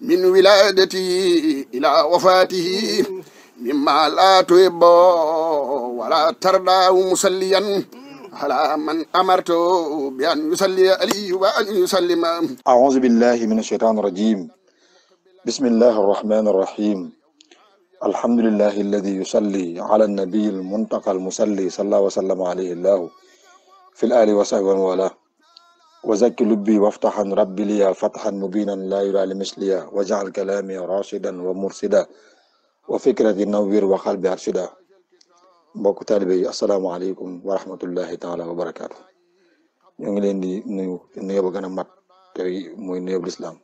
من ولادته إلى وفاته مما لا تحب ولا ترضى مصليا على من أمرت بأن يصلي عليه وأن يسلم أعوذ بالله من الشيطان الرجيم بسم الله الرحمن الرحيم الحمد لله الذي يصلي على النبي المنتقى المصلي صلى الله وسلم عليه الله في الآل وصحبه ومن والاه وزكي لبي وافتح عن ربي لي فتحا مبينا لا يرى لمثليا واجعل كلامي راشدا ومرشدا وفكرتي نوير وقلبي أرشدا mbokk taalibe yi asalaamaaleykum wa rahmatullahi taala wa barakaatu ñu ngi leen di nuyu nuyoo ba gën a mat te muy bu lislaam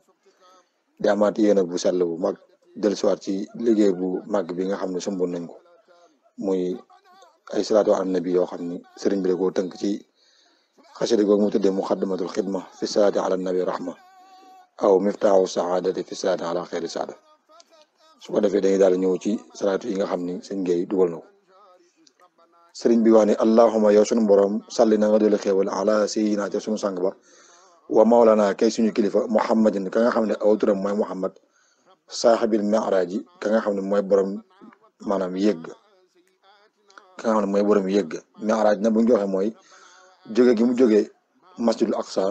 di amaat bu sell bu mag dellusiwaat ci liggéey bu mag bi nga xam ne sumboon nañ ko muy ay salaatu an nabi yoo xam ni sëriñ bi da koo tënk ci xasida googu mu tudde muxaddamatul xidma fi saati ala nabi rahma aw miftaaxu saadati fi saati ala xeeri su ko defee dañuy daal ñëw ci salaatu yi nga xam ni sëñ Gueye dugal na ko sëriñ bi wax ne allahuma yow sunu borom salli na nga doole xéewal ala sayyidina ca sunu sang ba wa mawlana kay suñu kilifa muhammadin ka nga xam ne aw turam mooy muhammad saaxibil maraji ka nga xam ne mooy borom maanaam yëgg ka nga xam ne mooy borom yëgg maraj na bu ñu ko mooy jóge gi mu jógee masjidul aqsa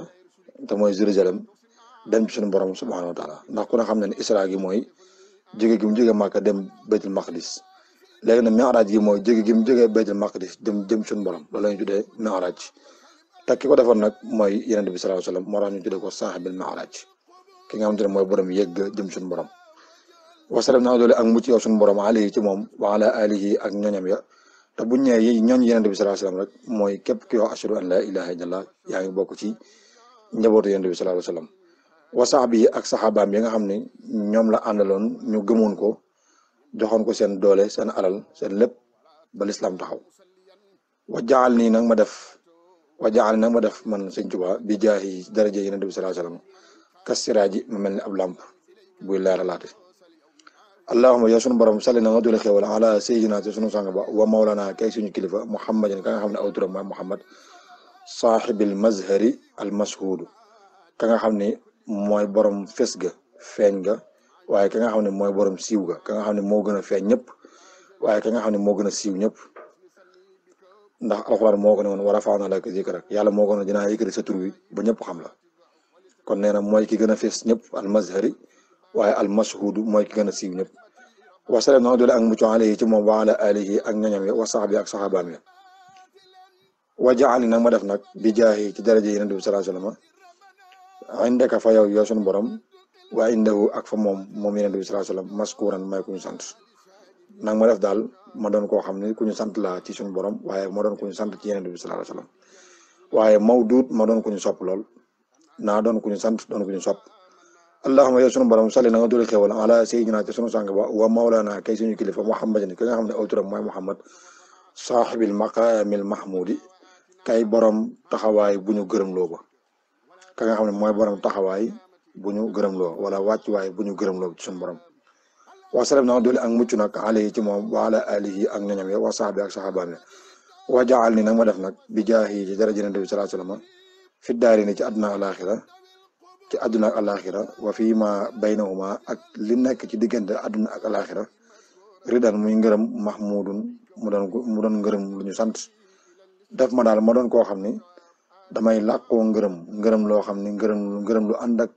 te mooy Jérusalem dem ci suñu borom subhanahu wa taala ndax ku xam ne ne isra gi mooy jóge gi mu jógee màkka dem baytul maqdis léegi nag mi'raj gi mooy jóge gi mu jógee baytul maqdis dem jëm suñu borom loolu la ñu tuddee mi'raj te ki ko defoon nag mooy yeneen bi sallallahu alayhi wasallam moo tax ñu tuddee ko saaxibil mi'raj ki nga xamante ne mooy borom yegg jëm suñu borom wasalam naa doole ak mucc yow suñu borom alayhi ci moom wa ala alihi ak ñoñam ya te buñ ñëwee ñooñu yonent bi sallallahu alayhi rek mooy képp ki wax ashhadu an la ilaha yaa ngi bokk ci njabootu yonent bi sallallahu alayhi wa sahab yi ak saxaabaam yi nga xam ne ñoom la àndaloon ñu gëmoon ko joxoon ko seen doole seen alal seen lépp ba lislaam taxaw wa jaal nii nag ma def wa jaal nii ma def man sëñ Tuubaa bi jaahi daraja yonent bi sallallahu alayhi wasallam kas siraaji ma mel ni ab làmp buy leeralaate allahuma yow sunu borom salli na nga doole xewal ala sayyidina ci sunu sang ba wa mawlana kay suñu kilifa muhammadin ka nga xam ne aw turam mooy muhammad saaxibil mazhari al mashuud ka nga xam ne mooy borom fes ga feeñ ga waaye ka nga xam ne mooy borom siiw ga ka nga xam ne moo gën a feeñ ñëpp waaye ka nga xam ne moo gën a siiw ñëpp ndax alxuraan moo ko ne woon war a faana lak zikrak yàlla moo ko ne dinaa sa tur wi ba ñëpp xam la kon nee na mooy ki gën a fees ñëpp al mazhari waaye al mashhudu mooy ki gën a siiw ñëpp wasalaam na doole ak mucc alayhi ci moom wa ala alihi ak ñoñam ya wa saxbi ak saxaabaam ya wa jaali nag ma def nag bi ci daraja yonent bi sallallahu alayhi wa sallam indaka fa yow yow sunu borom waa indahu ak fa moom moom yonent bi sallallahu alayhi wa sallam maskuuran may ku ñu sant nag ma def daal ma doon koo xam ne ku ñu sant la ci sunu borom waaye ma doon ku ñu sant ci yonent bi sallallahu alayhi wa ma doon ku ñu sopp lool naa doon ku sant doon ku ñu sopp allahuma yow sunu borom salli na nga doli xewal ala sayyidina ci sunu sàng ba wa mawlana kay suñu kilifa muhammadin ki nga xam ne muhammad kay borom taxawaay bu ñu gërëm loo ba ka nga xam ne mooy borom taxawaay bu ñu gërëm loo wala wàccuwaay bu ñu gërëm loo ci sunu borom wasalam na nga doli ak mucc nag alayhi ci moom wa ala alihi ak ñoñam ya wa saxaabi ak saxaabaam ya waa jaal ni nag ma def nag bi jaahi ci daraja nabi sallallahu alayhi wa sallam fi daari ni ci àdduna alaaxira ci àdduna ak alaxira wa fii ma baynahuma ak li nekk ci diggante àdduna ak alaxira ridan muy ngërëm mahmudun mu doon mu doon ngërëm lu ñu sant def ma daal ma doon koo xam ni damay làqoo ngërëm ngërëm loo xam ni ngërëm ngërëm lu ànd ak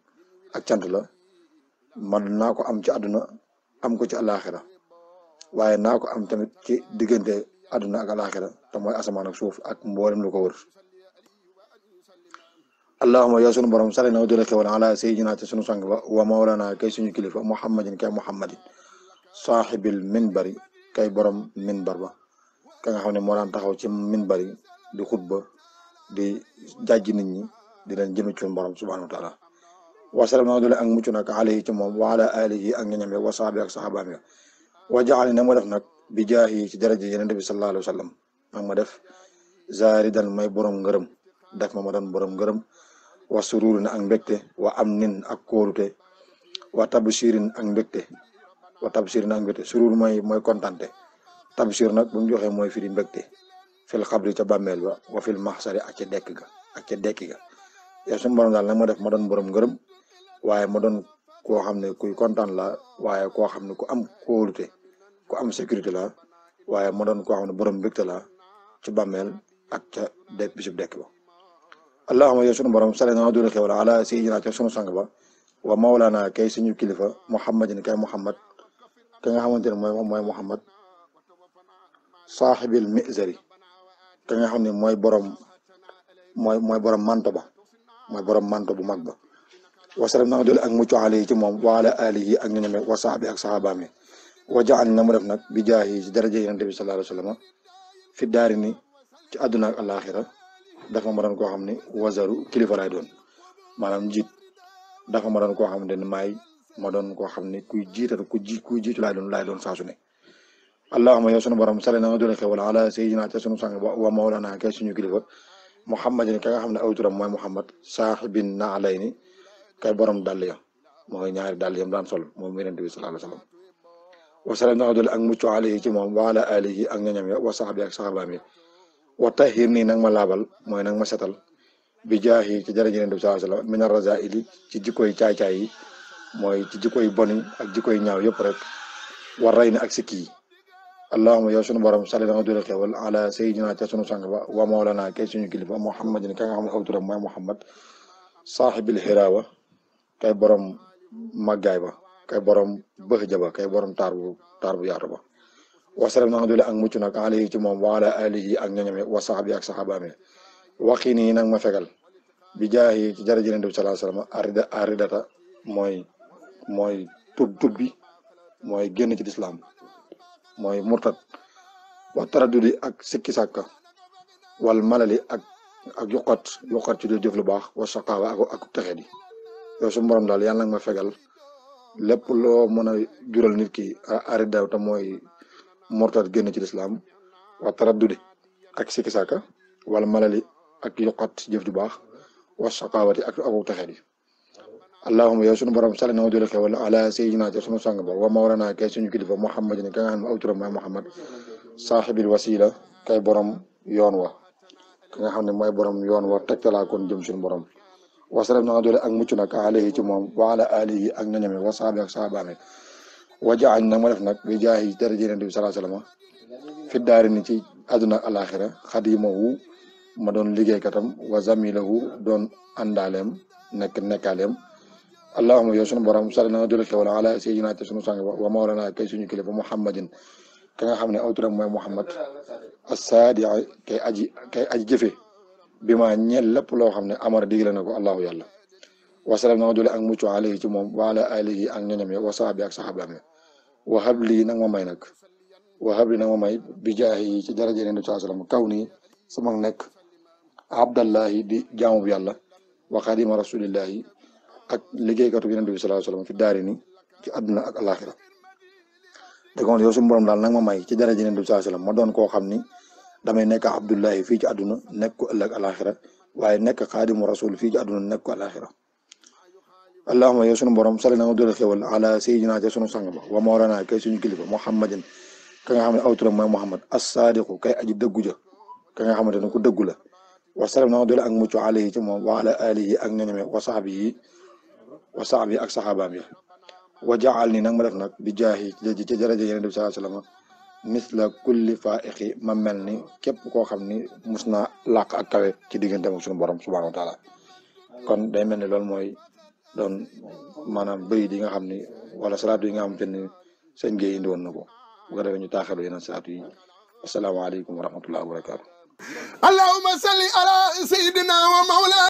ak cant la man naa ko am ci àdduna am ko ci alaxira waaye naa ko am tamit ci diggante àdduna ak alaxira te mooy asamaan ak suuf ak mboolem lu ko wër allahuma yow sunu borom sali na jële a ala sayyidina ci sunu sang ba wa mawlana kay suñu kilifa muhammadin kay muhammadin saaxibil minbari kay borom min ba ka nga xam ne moo daan taxaw ci minbari di xutba di jàjj nit ñi di leen jëme ci sunu borom subhanahu wa taala wa na jële ak mucc nag alayhi ci moom wa ala alihi ak ñañam wa saabi ak saxaabaam ya wa jaxali na ma def nag bi jaahi ci daraja yeneen bi sallallahu alayhi wa sallam ak ma def zaaridan may borom ngaram def ma ma doon borom ngërëm wa na ak mbégte wa am nin ak kóolute wa tabshirin ak mbégte wa tabshirin ak mbégte surur mooy mooy kontante tabshir nag bu mu joxee mooy firi mbégte fil xabri ca bàmmeel ba wa fil maxsari ak ca dekk ga ak ca dekk ga yow suñu borom daal ma def ma doon borom ngërëm waaye ma doon koo xam ne kuy kontaan la waaye koo xam ne ku am kóolute ku am sécurité la waaye ma doon koo xam ne borom mbégte la ci bàmmeel ak ca dekk bisub dekk ba allahuma yow sunu borom sale na dula xewal ala sayyidina ca sunu sang ba wa mawlana kay suñu kilifa muhammadin kay muhammad ka nga xamante ne mooy mooy muhammad saaxibil mizari ka nga xam ne mooy borom mooy mooy borom manto ba mooy borom manto bu mag ba wa wasalam na nga dole ak mucc alayhi ci moom wa ala alihi ak ñoñome wa saabi ak saxaabaami wa jaal na mu def nag bi jaahi ci daraja yonent bi sallallahu alayhi wa sallam fi daari ni ci àdduna ak alaxira dafa ma doon koo xam ne wazaru kilifa laay doon maanaam njiit dafa ma doon koo xam ne maay ma doon koo xam ne kuy jiital ku ji kuy jiitu laay doon laay doon saa su ne allahuma yow sunu borom sale na nga doon xewal ala sayyidina ca sunu sang wa mawlana kay suñu kilifa muhammadin ka nga xam ne aw turam mooy muhammad saaxibin na alay ni kay borom dàll ya mooy ñaari dàll yam daan sol moom yonent bi sallallahu alayhi na nga doon ak mucc ci moom wa ala alihi ak ñoñam ya wa saxabi ak saxabaam wa tahir nii nag ma laabal mooy nag ma setal bi jaahi ci jërëjëf yonent bi sallallahu alayhi wa sallam ci jikkoy caay-caay mooy ci jikkoy bon yi ak jikkoy ñaaw yëpp rek war rey ni ak sikki yi allahuma yow sunu borom sali na nga dole xewal ala sayyidina ca sunu a ba wa mawlana kay suñu kilifa muhammadin ka nga xam ne aw turam mooy muhammad saaxibil xiraawa kay borom màggaay ba kay borom bëx ja ba kay borom taar bu taar yaatu ba wasalam na nga dule ak mucc nag alayhi ci moom wa ala alihi ak ñoñame wa saxaabi ak saxaabaame waqi nii nag ma fegal bi jaayi ci jërëjë leen bi salaa sallam arida aridata mooy mooy tub tub bi mooy génn ci lislaam mooy murtat wa taraddudi ak sikki sàkka wal malali ak ak yuqat yuqat ci du jëf lu baax wa saqaawa ak ak texe di su borom daal yàlla nag ma fegal lépp loo mën a jural nit ki arida ta mooy mortaat génn ci lislaam wa taraddude ak sikki sàkka wala malali ak yoqat jëf ju baax wa shaqaawati ak aku texet yi allahuma yow suñu borom sali na jële xewal ala sayyidina ci suñu suñu kilifa muhammadin ka nga xam ne aw turam mooy muhammad saaxibil wasila kay borom yoon wa ka nga xam ne mooy borom yoon wa tegtalaa kon jëm suñu borom wasalem na nga jële ak mucc nag alayhi ci moom wa ala alihi ak ñoñame wa saabi ak saabaame wajaxañ nag ma def nag bi jaay yi daraje Yonent bi sallallahu alayhi wa sallam fi daari ni ci àdduna ak alaxira xadimahu ma doon liggéeykatam wa zamilahu doon àndaaleem nekk nekkaaleem allahuma yow sunu borom sali nanga jula xewala ala sayyidina te sunu sang wa mawlana kay suñu kilifa muhammadin ka nga xam ne aw turam mooy a assaadi kay aji jëfe bi ma ñeel lépp loo xam ne amara digle na ko allahu yàlla wasalaam na nga jule ak mucc alayhi ci moom wa ala ak ñoñam yo wa sahaabi ak saxaabaam ya wahab lii nag ma may nag wahab lii nag ma may bi jaahi yi ci daraja yi nabi sallam kaw nii sama nekk abdallahi di jaamu bu yàlla wa xadima rasulillahi ak liggéeykatu bi yonent bi sallallahu alayhi wasallam fi daari ni ci àdduna ak alaxira déggoon yow suñu borom daal nag ma may ci daraja yonent bi sallallahu alayhi wasallam ma doon koo xam ni damay nekk abdullahi fii ci àdduna nekk ko ëllëg alaxira waaye nekk xaadimu rasul fii ci àdduna nekk ko alaxira allahuma yo sunu borom sali na nga doole xewal ala sayyidina a sunu sang ba wa mawlana kay suñu kilifa xam ne aw turam mooy muhammad kay aji dëggu ja ka nga xamante ne ku dëggu la wa salam na nga doole ak mucc alayhi ci moom wa ala ak ñoñome wa sahbihi wa sahbihi ak sahabaam yi wa jaxal ni nag ma def nag bi jaahi ci ca jaraja yéen nabi sallallahu alayhi wasallam misla kulli faaixi ma mel ni képp koo xam ni mus na làq ak kawe ci diggante ak sunu borom subhanahu wa taala kon day mel ni loolu mooy doon maanaam bayit yi nga xam ni wala salaatu yi nga xamante ni sëñ Gueye indi woon na ko bu ko defee ñu taaxelu yeneen salaatu yi asalaamaaleykum wa rahmatullahi wa barakaatu allahumma salli ala sayyidina wa mawlana